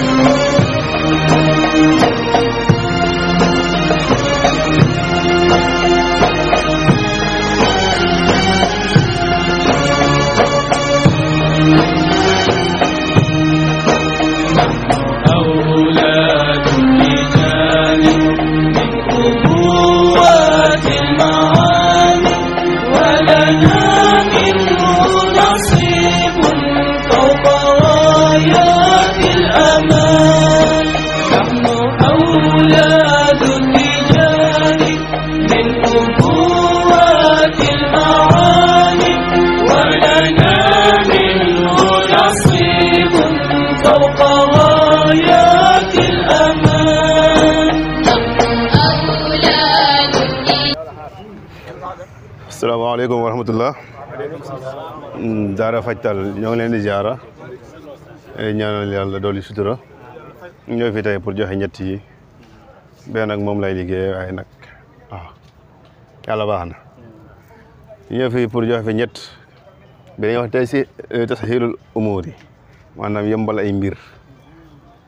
Thank you. Assalamualaikum warahmatullah. Dara hmm, fajar, eh, yang lain dijara, yang lain ada doli sutro. Yang fitah yang perjuah hanya ti, biar mom lagi ke, anak, ah, kalau bahana. Yang fitah purja hanya ti, biar yang kita si, itu sehirul umuri, mana yang bala imbir.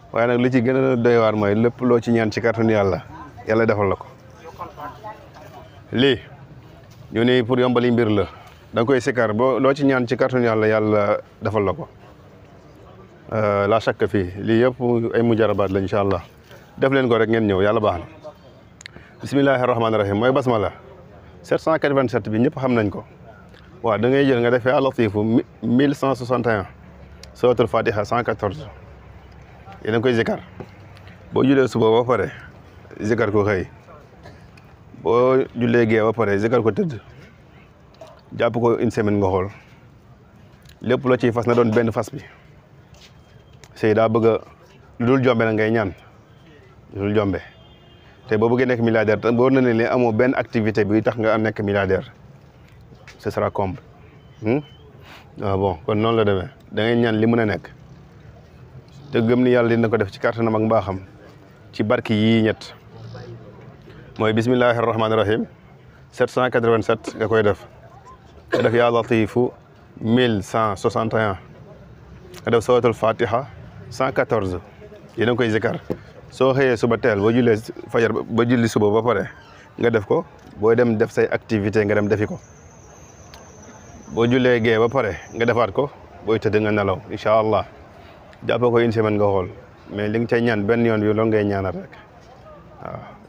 Wah, anak lucu gini, daya warma, lepuloh cinyan cikar tu ni Allah, Allah dah follow. Lih, ñu ne pour yombali mbir la da koy sikkar boo loo ci ñaan ci kàttanu yàlla yàlla defal la ko euh, la chàkk fii lii yëpp ay mujarabaat la incha allah def leen ko rek ngeen ñëw yàlla baax na bismillahi rahmaani rahim mooy basmala 787 bi ñëpp xam nañ ko waaw da ngay jël nga defee àlatifu 1161 suratul fatiha 114 yéen a koy zikar boo julee suba ba pare zikar ko xëy bo jullee gee ba paré zikal ko tëdd japp ko une semaine nga xol lepp lo ci fas na doon benn fas bi sey da bëgg a jombé dul na ngay ñaan lu jombé té te bëgg nek milliardaire te na né amo benn activité bi tax nga nek milliardaire ce sera comble hmm? ah bon kon non la démé da ngay ñaan li mëna nek te gëm ni yalla dina ko def ci kàttanam ak mbaaxam ci barki yi ñet mooy bismillahi rahmaani rahim 787 nga koy def nga def yaa latifu 1161 nga def suratul fatiha 114 yéen a koy zikar soo xëyee suba teel boo jullee fajar ba julli suba ba pare nga def ko boo dem def say activité nga dem defi ko boo jullee gee ba pare nga defaat ko booy tëdd nga nelaw incha allah jàppoo ko une semaine nga xool mais li nga cay ñaan benn yoon wi loolu ngay ñaanal rek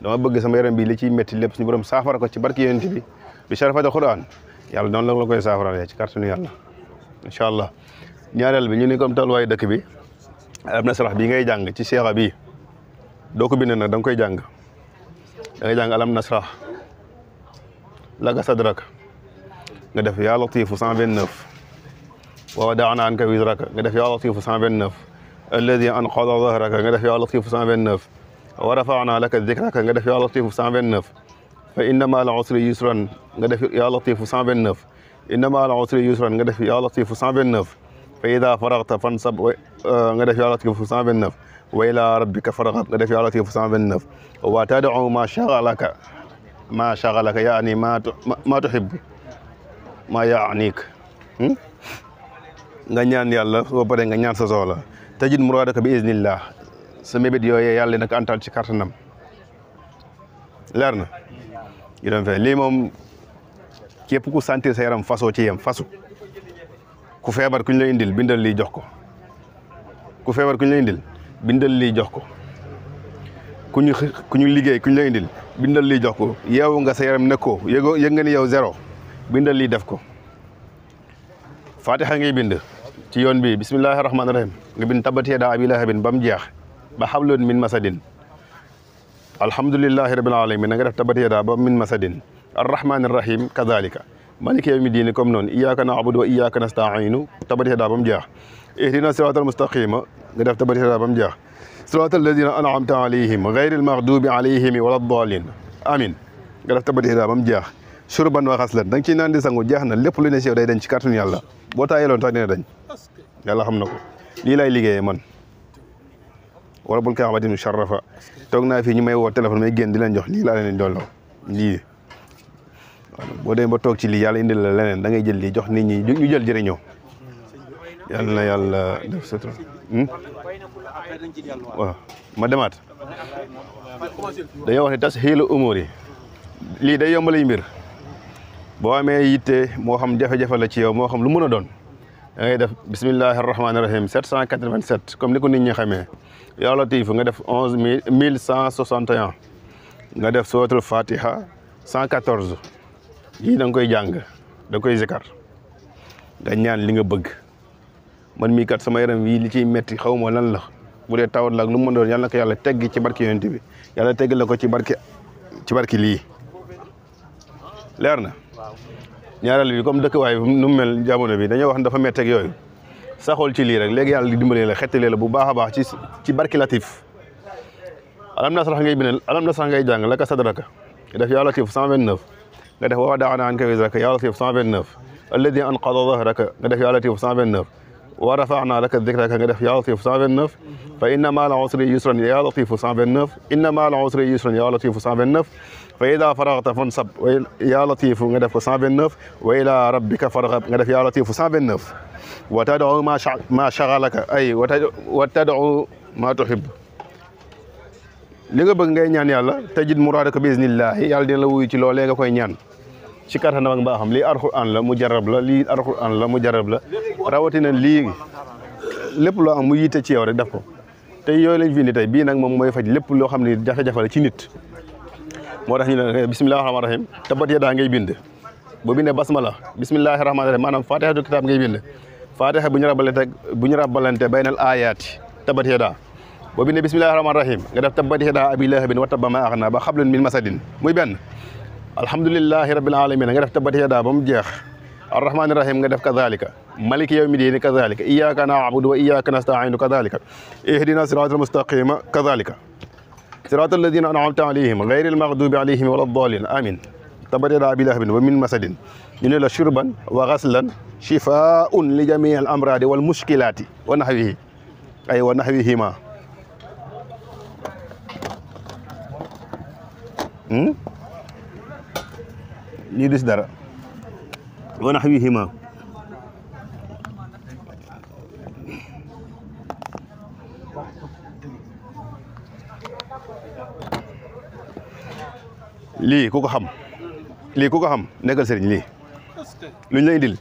dama bëgg sama yaram bi li ci métti lépp suñu borom safara ko ci barki yonent bi bi sharafat qur'an yàlla noonu la la koy saafaralee ci kàttanu yàlla inshallah ñaaral bi ñu ne comme talway dëkk bi alam sarah bi ngay jàng ci seexa bi do ko bind nag da koy jàng da ngay jàng alam nasrah la ga sadrak nga def ya latif 129 wa wadaana anka wizrak nga def ya latif 129 alladi anqada zahraka nga def yaa latifu 129 ورفعنا لك الذكر كان قد في يا لطيف 99 فإن فانما العسر يسرا قد في يا لطيف 99 إن انما العسر يسرا قد في يا لطيف 99 فإذا فرغت فانصب آه، قد في يا لطيف 99 وإلى ربك فرغت قد في يا لطيف 99 وتدعو ما شغلك ما شغلك يعني ما ما تحب ما يعنيك غنيان يالله yàlla soo paree nga ñaan sa soxla tajid sa mébét yooyee yàlla na ko antal ci kàttanam leer na yu dem fee lii moom képp ku sentir sa yaram fasoo ci yem fasu ku feebar ku ñu la indil bindal lii jox ko ku feebar ku ñu la indil bindal lii jox ko ku ñu ku ñu liggéey ku ñu la indil bindal lii jox ko yow nga sa yaram nekkoo yëgoo yëg nga ni yow zéro bindal lii def ko fatiha ngay bind ci yoon bi bismillahi rahmaani rahim nga bind tabbat yadaa abii lahabin ba mu jeex ba xawloon min masadin alhamdulillahi rabbil alamin na nga def tabat yadaa ba min masadin arrahmani rahim kadalika maliki yawmi diini comme noonu iyyaka na'budu wa iyyaka nasta'inu tabat yadaa ba mu jeex ihdina siratal mustaqima nga def tabat yadaa ba mu jeex siratal ladina an'amta alayhim ghayril maghdubi alayhim waladdallin amin nga def tabat yadaa ba mu jeex surban wa xaslan da nga ciy naan di sangu jeex na lépp lu ne si yow day dañ ci kàttanu yàlla boo taayeloon tax dina dañ yàlla xam na ko lii lay liggéeyee man wala bul kaabatin musharrafa toog naa fii ñu may woo téléphone may génn di leen jox lii laa leen dolloo lii boo ba toog ci lii yàlla indil la leneen da ngay jël lii jox nit ñi ñu jël jëriñoo yàlla na yàlla def sa hmm? ma demaat dañoo wax ne tas xiilu umur yi lii day yombalay mbir boo amee yitte moo xam jafe-jafe la ci yow moo xam lu mën a doon da ngay def bismillahi rahmaani rahim 787 comme ni ko nit ñi xamee yaa Latiif nga def onze mille mille cent soixante et nga def suratul fatiha cent quatorze yii da nga koy jàng dang koy zikar nga ñaan li nga bëgg man mii kat sama yaram yii li ciy metti xaw ma lan la bu dee tawat la ak lu mu mën doon yàlla na ko yàlla teggi ci barki yonent bi yàlla teggi la ko ci barki ci barki lii leer na ñaaral bi comme dëkk way nu mel jamono bi dañoo wax dafa metti ak yoy saxol ci li rek léegi yàlla di dimbalé la xettalee la bu baaxa baax ci ci barki latif alam nasrah ngay bindal alam nasrah ngay jàng la ka sadraka def yaa latif 129 nga def wa wadaana anka wizaka yaa latif 129 alladhi anqadha dhahraka nga def yaa latif 129 ورفعنا لك الذكر لك قال يا لطيف صعب النف فإن مع العسر يسرا يا لطيف صعب النف إن مع العسر يسرا يا لطيف صعب النف فإذا فرغت فانصب يا لطيف غدف صعب النف وإلى ربك فرغب غدف يا لطيف صعب النف وتدعو ما ما شغلك أي وتدعو ما تحب li nga نيان يالا تجد مرادك بإذن الله يالا دي لا dina la wuyu ci loolee nga ci kattanam ak mbaaxam lii alxuraan la mu jarab la lii alxuraan la mu jarab la rawatina lii lépp loo am mu yitte ci yow rek def ko te yooyu lañ fi indi tey bii nag moom mooy faj lépp loo xam ne jafe-jafe la ci nit moo tax ñu ne bismillahi rahmaani rahim tabat yadaa ngay bind boo bindee la bismillahi rahmaani rahim maanaam faatixatul kitaab ngay bin faatixa bu ñu rabalante bu ñu rabalante baynal aayaati tabat yadaa boo bindee bismillahi rahmaani rahim nga def tabat yadaa a lahabin wa tabba maa ba xablun min masadin muy benn alhamdulillahi rabbil alamin nga def tabbat yadaa ba mu jeex arrahmaani rahim nga def kadhalika maliki yawmi diini kadhalika iyyaka na'budu wa iyyaka nasta'inu kadhalika ihdina siratal mustaqima kadhalika siratal ladina an'amta alayhim ghayril maghdubi alayhim waladdallin amin tabbat yadaa abi lahabin wa min masadin ñu ne la shurban wa ghaslan shifaa'un li jami'il amradi wal mushkilati wa nahwihi ay wa nahwihima lii du si dara wa nahwihima lii ku ko xam lii ku ko xam nekkal sëriñ lii luñ la indil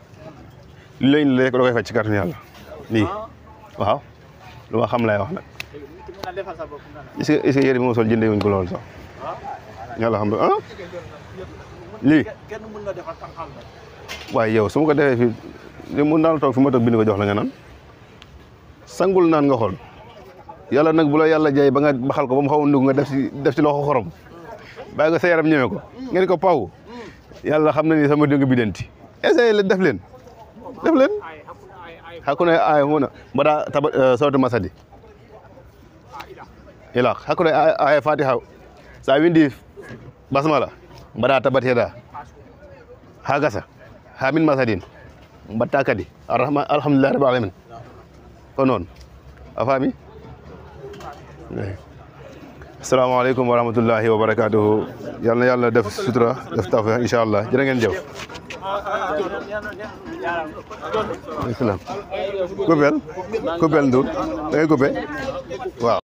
luñ la indil rek da koy faj ci kàttanu yàlla lu ma xam laay wax nag est-ce que est-ce que yére bi ma sol jëndee wuñ ko lool sax ah lii kenn yow su ma ko defee fi mun naa la toog fi ma toog bind ko jox la nga naan sangul naan nga xool yàlla nag bu la yàlla jaay ba nga baxal ko ba mu xaw nu ndugg nga def ci def ci loxo xorom bàyyi ko sa yaram ñeme ko ngeen ko paw yàlla xam na ni sama dëng bi denti essayé leen def leen def leen hakuna aya huna mbaɗa taba euh, sawte masadi basmala mbada tabat heda ha gasa ha min masadin mbata kadi arrahma alhamdulillah rabbil alamin ko non a faami assalamu aleykum wa rahmatullahi wa yalla def sutra def tawfiq inshallah jere ngeen jew islam kubel kubel ndur da wow.